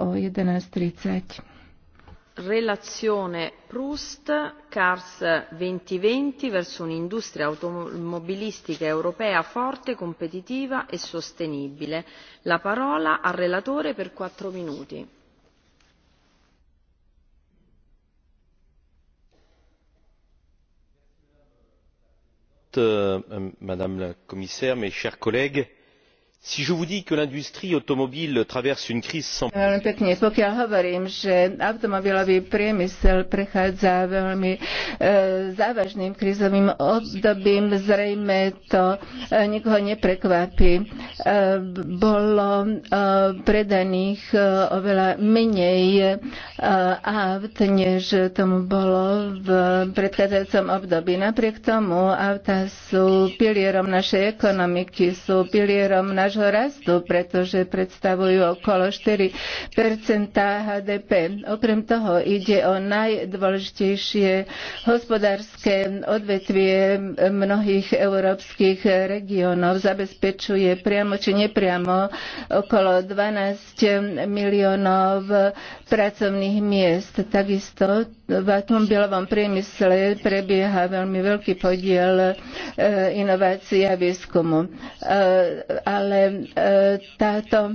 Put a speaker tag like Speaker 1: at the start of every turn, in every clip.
Speaker 1: o 11.30.
Speaker 2: Relazione Proust-Cars 2020 verso un'industria automobilistica europea forte, competitiva e sostenibile. La parola al relatore per 4 minuti.
Speaker 3: Euh, madame la commissaire mes chers collègues si je vous dis que l'industrie automobile traverse une crise sans
Speaker 1: Veľmi pekne, pokiaľ hovorím, že automobilový priemysel prechádza veľmi e, závažným krízovým obdobím, zrejme to e, nikoho neprekvapí. E, bolo e, predaných e, oveľa menej e, aut, než tomu bolo v predchádzajúcom období. Napriek tomu auta sú pilierom našej ekonomiky, sú pilierom našej nášho rastu, pretože predstavujú okolo 4 HDP. Okrem toho ide o najdôležitejšie hospodárske odvetvie mnohých európskych regiónov. Zabezpečuje priamo či nepriamo okolo 12 miliónov pracovných miest. Takisto v automobilovom priemysle prebieha veľmi veľký podiel e, inovácií a výskumu. E, ale e, táto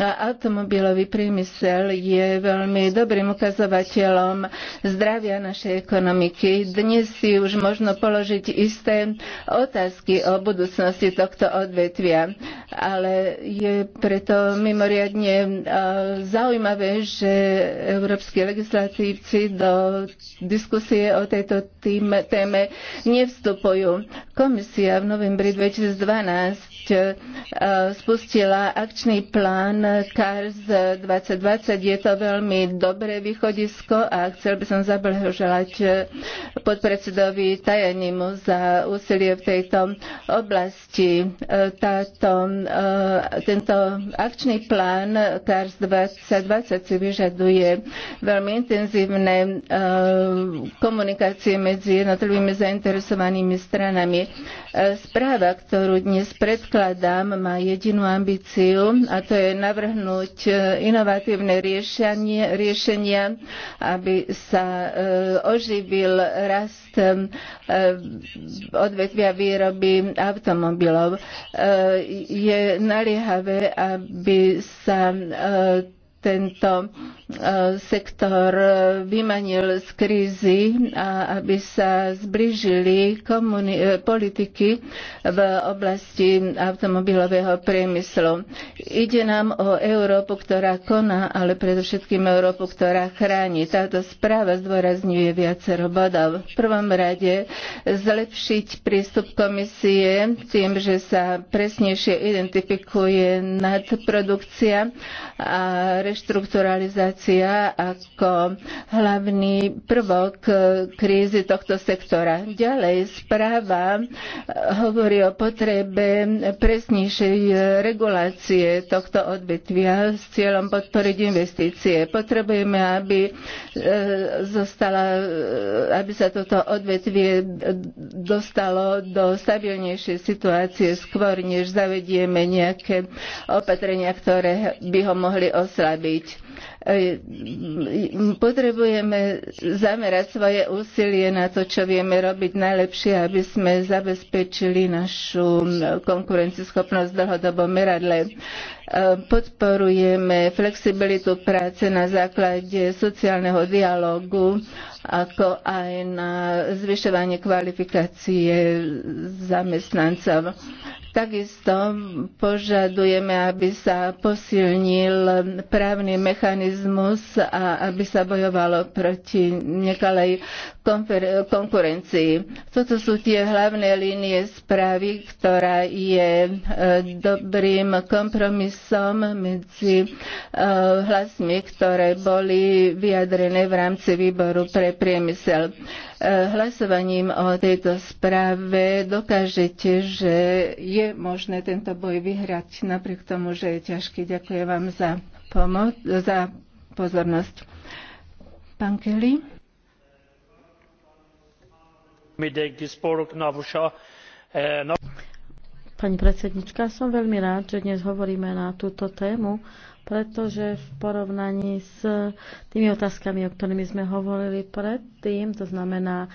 Speaker 1: automobilový priemysel je veľmi dobrým ukazovateľom zdravia našej ekonomiky. Dnes si už možno položiť isté otázky o budúcnosti tohto odvetvia, ale je preto mimoriadne zaujímavé, že európsky legislatívci do diskusie o tejto téme nevstupujú. Komisia v novembri 2012 e, spustila akčný plán CARS 2020. Je to veľmi dobré východisko a chcel by som zablahoželať e, podpredsedovi Tajanimu za úsilie v tejto oblasti. E, táto, tento akčný plán CARS 2020 si vyžaduje veľmi intenzívne komunikácie medzi jednotlivými zainteresovanými stranami. Správa, ktorú dnes predkladám, má jedinú ambíciu a to je navrhnúť e, inovatívne riešenie, riešenia, aby sa e, oživil rast e, odvetvia výroby automobilov. Je naliehavé, aby sa tento e, sektor e, vymanil z krízy a aby sa zbližili e, politiky v oblasti automobilového priemyslu. Ide nám o Európu, ktorá koná, ale predovšetkým Európu, ktorá chráni. Táto správa zdôrazňuje viacero bodov. V prvom rade zlepšiť prístup komisie tým, že sa presnejšie identifikuje nadprodukcia a reštrukturalizácia ako hlavný prvok krízy tohto sektora. Ďalej správa hovorí o potrebe presnejšej regulácie tohto odvetvia s cieľom podporiť investície. Potrebujeme, aby e, zostala, e, aby sa toto odvetvie dostalo do stabilnejšej situácie skôr, než zavedieme nejaké opatrenia, ktoré by ho mohli oslabiť byť. E, potrebujeme zamerať svoje úsilie na to, čo vieme robiť najlepšie, aby sme zabezpečili našu konkurencieschopnosť v dlhodobom meradle. E, podporujeme flexibilitu práce na základe sociálneho dialogu, ako aj na zvyšovanie kvalifikácie zamestnancov. Takisto požadujeme, aby sa posilnil právny mechanizmus a aby sa bojovalo proti nekalej konkurencii. Toto sú tie hlavné línie správy, ktorá je e, dobrým kompromisom medzi e, hlasmi, ktoré boli vyjadrené v rámci výboru pre priemysel hlasovaním o tejto správe dokážete, že je možné tento boj vyhrať napriek tomu, že je ťažký. Ďakujem vám za, pomoc, za pozornosť. Pán Kelly.
Speaker 3: middag Eh, spårok
Speaker 4: Pani predsednička, som veľmi rád, že dnes hovoríme na túto tému, pretože v porovnaní s tými otázkami, o ktorými sme hovorili predtým, to znamená e,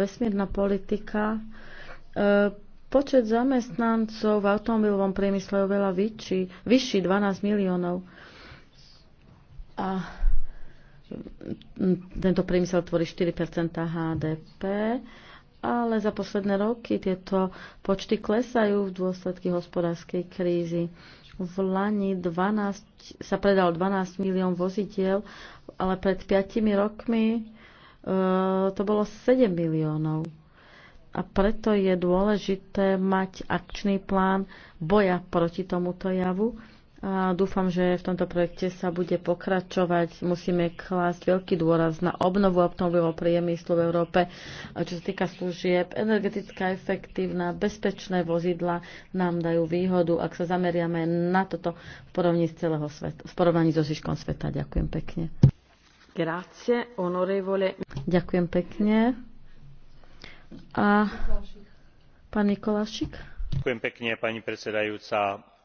Speaker 4: vesmírna politika, e, počet zamestnancov v automobilovom priemysle je oveľa vyšší, vyšší 12 miliónov. A tento priemysel tvorí 4 HDP ale za posledné roky tieto počty klesajú v dôsledky hospodárskej krízy. V Lani 12, sa predal 12 milión vozidiel, ale pred 5 rokmi e, to bolo 7 miliónov. A preto je dôležité mať akčný plán boja proti tomuto javu a dúfam, že v tomto projekte sa bude pokračovať. Musíme klásť veľký dôraz na obnovu obnovového priemyslu v Európe, čo sa týka služieb. Energetická efektívna, bezpečné vozidla nám dajú výhodu, ak sa zameriame na toto v porovnaní, z celého sveta, v porovnaní so zvyškom sveta. Ďakujem pekne. Grazie, onorevole. Ďakujem pekne. A pán Nikolášik?
Speaker 3: Ďakujem pekne, pani predsedajúca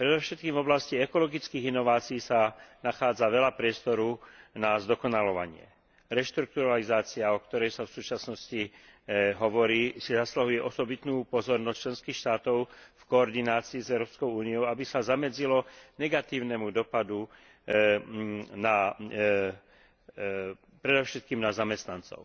Speaker 3: predovšetkým v oblasti ekologických inovácií sa nachádza veľa priestoru na zdokonaľovanie. reštrukturalizácia o ktorej sa v súčasnosti e, hovorí si zasluhuje osobitnú pozornosť členských štátov v koordinácii s európskou úniou aby sa zamedzilo negatívnemu dopadu e, e, predovšetkým na zamestnancov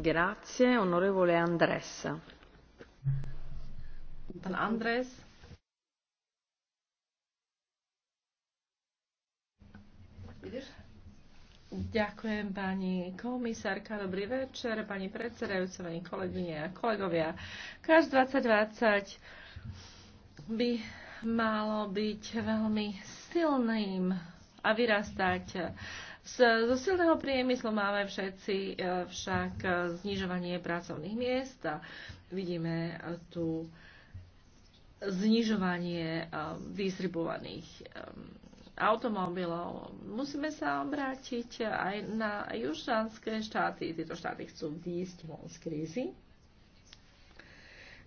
Speaker 4: Grazie, Andres. Pán Andres.
Speaker 2: Ďakujem pani komisárka, dobrý večer, pani predsedajúca, pani kolegyne a kolegovia. Kaž 2020 by malo byť veľmi silným a vyrastať zo silného priemyslu máme všetci e, však e, znižovanie pracovných miest a vidíme e, tu znižovanie distribuovaných automobilov. Musíme sa obrátiť aj na južanské štáty. Tieto štáty chcú výjsť von z krízy,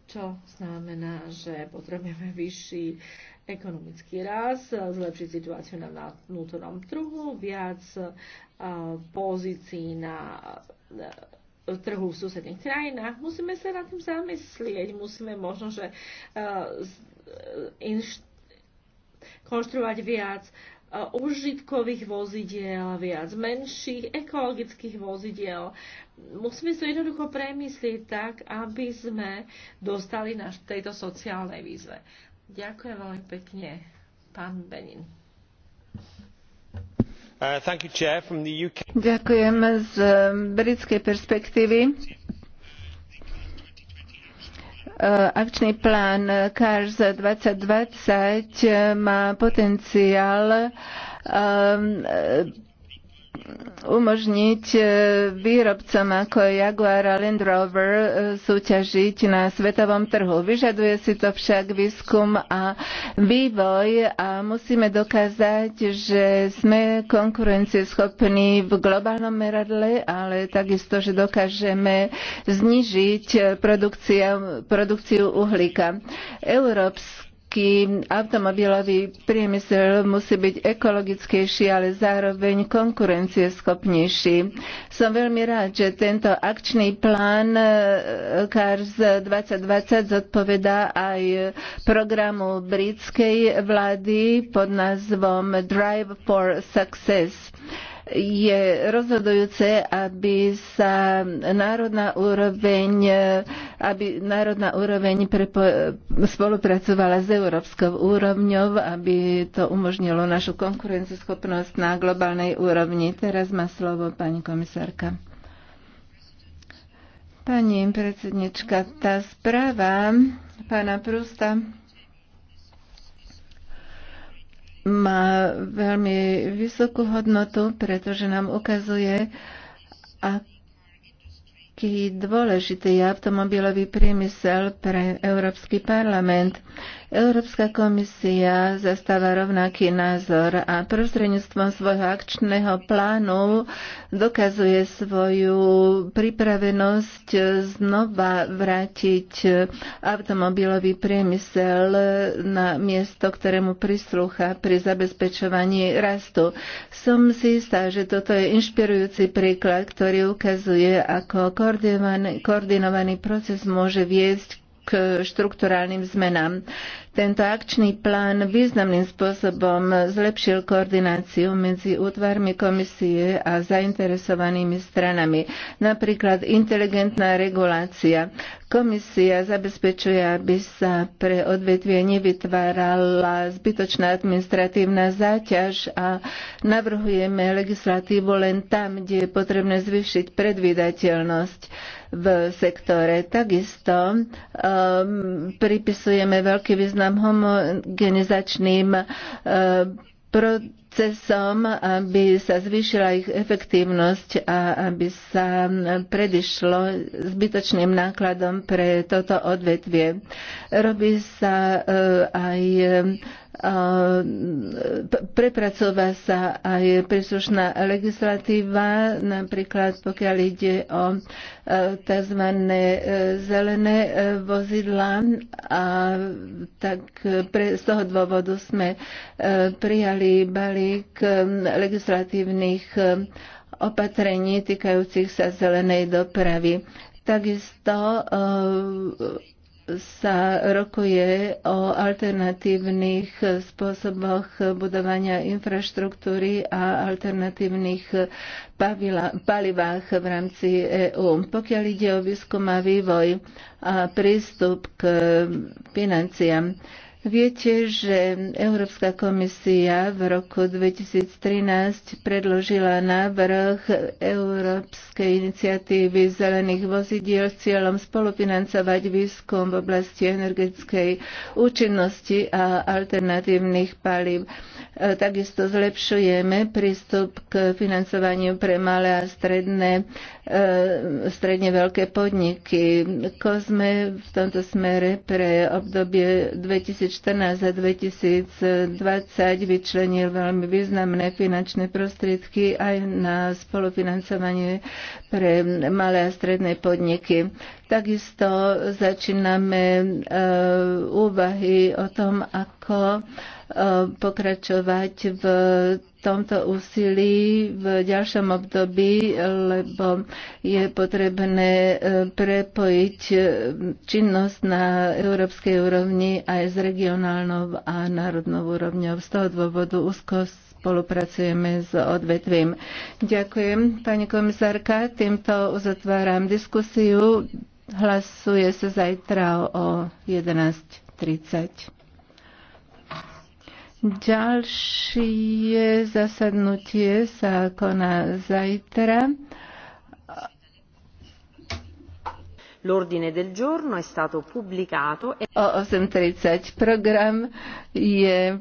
Speaker 2: čo znamená, že potrebujeme vyšší ekonomický rast, zlepšiť situáciu na vnútornom trhu, viac e, pozícií na e, trhu v susedných krajinách. Musíme sa nad tým zamyslieť, musíme možno, že e, konštruovať viac užitkových vozidiel, viac menších ekologických vozidiel. Musíme to jednoducho premyslieť tak, aby sme dostali na tejto sociálnej výzve. Ďakujem veľmi pekne, pán Benin.
Speaker 3: Uh,
Speaker 1: Ďakujem z um, britskej perspektívy uh, akčný plán CARS 2020 má potenciál um, umožniť e, výrobcom ako Jaguar a Land Rover e, súťažiť na svetovom trhu. Vyžaduje si to však výskum a vývoj a musíme dokázať, že sme konkurencieschopní v globálnom meradle, ale takisto, že dokážeme znižiť produkciu uhlíka. Európska európsky automobilový priemysel musí byť ekologickejší, ale zároveň konkurencieschopnejší. Som veľmi rád, že tento akčný plán e, CARS 2020 zodpovedá aj programu britskej vlády pod názvom Drive for Success je rozhodujúce, aby sa národná úroveň, aby národná úroveň prepo- spolupracovala s európskou úrovňou, aby to umožnilo našu konkurencieschopnosť na globálnej úrovni. Teraz má slovo pani komisárka. Pani predsednička, tá správa pána Prusta má veľmi vysokú hodnotu, pretože nám ukazuje, aký dôležitý je automobilový priemysel pre Európsky parlament. Európska komisia zastáva rovnaký názor a prostredníctvom svojho akčného plánu dokazuje svoju pripravenosť znova vrátiť automobilový priemysel na miesto, ktorému prislúcha pri zabezpečovaní rastu. Som si istá, že toto je inšpirujúci príklad, ktorý ukazuje, ako koordinovaný, proces môže viesť k štrukturálnym zmenám. Tento akčný plán významným spôsobom zlepšil koordináciu medzi útvarmi komisie a zainteresovanými stranami, napríklad inteligentná regulácia. Komisia zabezpečuje, aby sa pre odvetvie nevytvárala zbytočná administratívna záťaž a navrhujeme legislatívu len tam, kde je potrebné zvyšiť predvydateľnosť v sektore. Takisto um, pripisujeme veľký význam homogenizačným um, procesom, aby sa zvýšila ich efektívnosť a aby sa predišlo zbytočným nákladom pre toto odvetvie. Robí sa uh, aj prepracová sa aj príslušná legislatíva, napríklad pokiaľ ide o e, tzv. zelené e, vozidla a tak pre, z toho dôvodu sme e, prijali balík legislatívnych opatrení týkajúcich sa zelenej dopravy. Takisto sa rokuje o alternatívnych spôsoboch budovania infraštruktúry a alternatívnych palivách v rámci EÚ. Pokiaľ ide o výskum a vývoj a prístup k financiám, Viete, že Európska komisia v roku 2013 predložila návrh Európskej iniciatívy zelených vozidiel s cieľom spolufinancovať výskum v oblasti energetickej účinnosti a alternatívnych palív. E, takisto zlepšujeme prístup k financovaniu pre malé a stredné, e, stredne veľké podniky. Kozme v tomto smere pre obdobie 2000 2014 a 2020 vyčlenil veľmi významné finančné prostriedky aj na spolufinancovanie pre malé a stredné podniky. Takisto začíname e, úvahy o tom, ako Eh, pokračovať v tomto úsilí v ďalšom období, lebo je potrebné eh, prepojiť eh, činnosť na európskej úrovni aj s regionálnou a národnou úrovňou. Z toho dôvodu úzko spolupracujeme s odvetvím. Ďakujem, pani komisárka. Týmto uzatváram diskusiu. Hlasuje sa zajtra o 11.30. Ďalšie zasadnutie sa koná zajtra.
Speaker 2: L'ordine del giorno è stato pubblicato. E
Speaker 1: o 8.30 program je